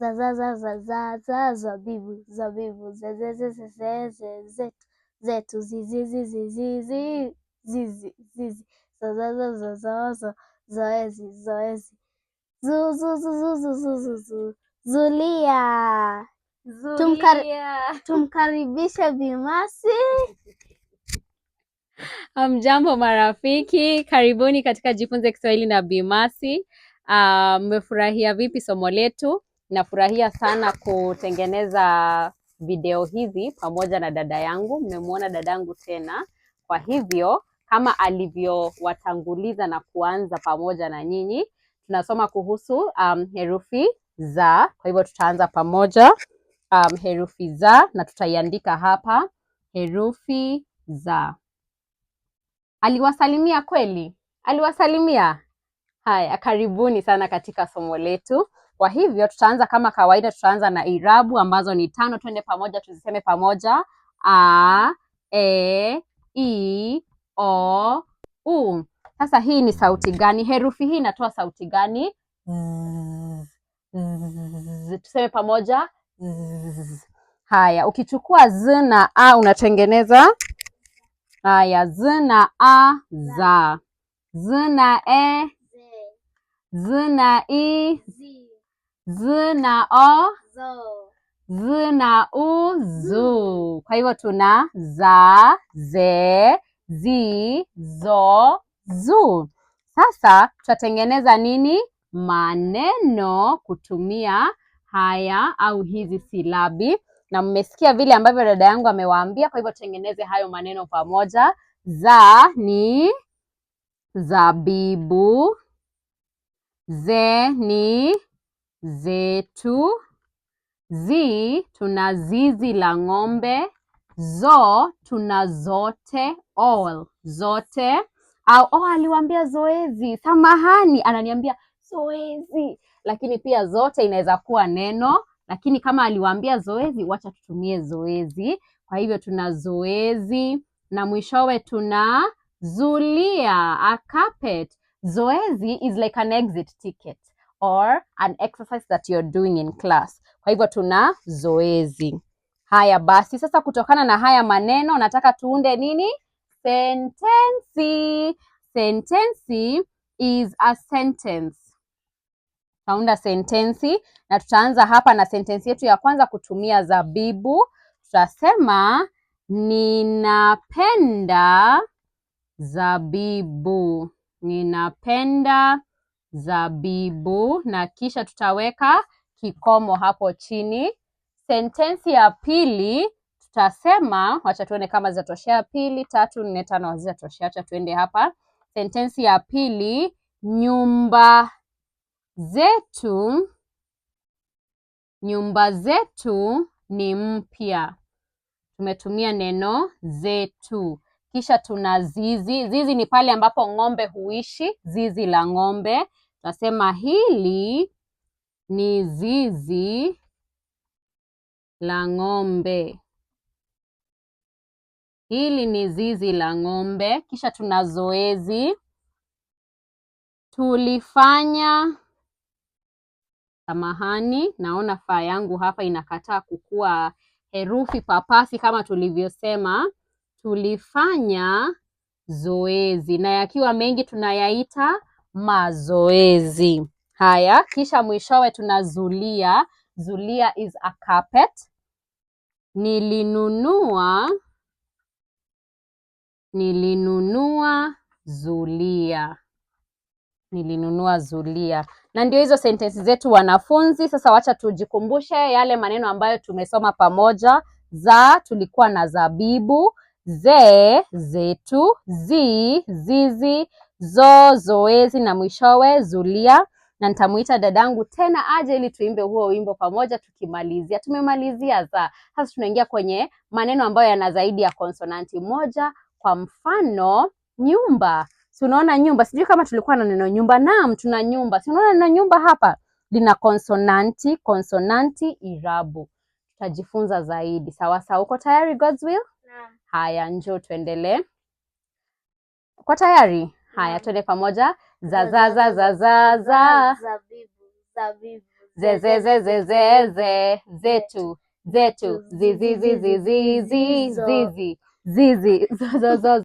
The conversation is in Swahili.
za za za za za za zabibu zetu za za za za za zoezi zoezi zuzuzuzuzuzuzu zulia tumkaribishe Bimasi. Mjambo marafiki, karibuni katika Jifunze Kiswahili na Bimasi. Mmefurahia um, vipi somo letu? Nafurahia sana kutengeneza video hizi pamoja na dada yangu. Mmemwona dadangu tena, kwa hivyo kama alivyowatanguliza na kuanza pamoja na nyinyi, tunasoma kuhusu um, herufi za. Kwa hivyo tutaanza pamoja um, herufi za, na tutaiandika hapa herufi za. Aliwasalimia kweli, aliwasalimia. Haya, karibuni sana katika somo letu. Kwa hivyo tutaanza kama kawaida, tutaanza na irabu ambazo ni tano. Twende pamoja, tuziseme pamoja: a, e, i, o, u. Sasa hii ni sauti gani? Herufi hii inatoa sauti gani? Z, z, tuseme pamoja z. Haya, ukichukua z na a unatengeneza haya, z na a za, z na e, z na i z z na o zo. z na u zu. Kwa hivyo tuna za, ze, zi, zo, zu. Sasa tutatengeneza nini? Maneno kutumia haya au hizi silabi, na mmesikia vile ambavyo dada yangu amewaambia. Kwa hivyo tutengeneze hayo maneno pamoja. Za ni zabibu, ze ni zetu. Zi, tuna zizi la ng'ombe. Zo, tuna zote. All, zote. Au, oh, aliwaambia zoezi. Samahani, ananiambia zoezi. Lakini pia zote inaweza kuwa neno, lakini kama aliwaambia zoezi, wacha tutumie zoezi. Kwa hivyo tuna zoezi na mwishowe tuna zulia, a carpet. Zoezi is like an exit ticket or an exercise that you're doing in class. Kwa hivyo tuna zoezi. Haya basi, sasa kutokana na haya maneno nataka tuunde nini? Sentensi. Sentensi is a sentence. Tutaunda sentensi na tutaanza hapa na sentensi yetu ya kwanza kutumia zabibu. Tutasema ninapenda zabibu. Ninapenda zabibu na kisha tutaweka kikomo hapo chini. Sentensi ya pili tutasema, wacha tuone kama zitatoshea. Pili, tatu, nne, tano hazitatoshea. Wacha tuende hapa. Sentensi ya pili, nyumba zetu, nyumba zetu ni mpya. Tumetumia neno zetu. Kisha tuna zizi. Zizi ni pale ambapo ng'ombe huishi, zizi la ng'ombe. Tunasema hili ni zizi la ng'ombe. Hili ni zizi la ng'ombe. Kisha tuna zoezi. Tulifanya, samahani, naona faa yangu hapa inakataa kukua herufi papasi kama tulivyosema. Tulifanya zoezi na yakiwa mengi tunayaita mazoezi haya. Kisha mwishowe tuna zulia. Zulia is a carpet. Nilinunua nilinunua zulia, nilinunua zulia. Na ndio hizo sentensi zetu wanafunzi. Sasa wacha tujikumbushe yale maneno ambayo tumesoma pamoja: za tulikuwa na zabibu, ze zetu, zi zizi zoo zoezi na mwishowe zulia, na nitamuita dadangu tena aje ili tuimbe huo wimbo pamoja tukimalizia. Tumemalizia za sasa, tunaingia kwenye maneno ambayo yana zaidi ya konsonanti moja. Kwa mfano nyumba, si unaona nyumba? Sijui kama tulikuwa na neno nyumba. Naam, tuna nyumba. Si unaona neno nyumba hapa lina konsonanti, konsonanti irabu. Tutajifunza zaidi. Sawa sawa, uko tayari Godswill? Haya, njoo tuendelee. Uko tayari? Haya, twende pamoja. za za za za za za ze ze ze ze ze ze zetu zetu zizi zizi zizi zizi zizi zo zo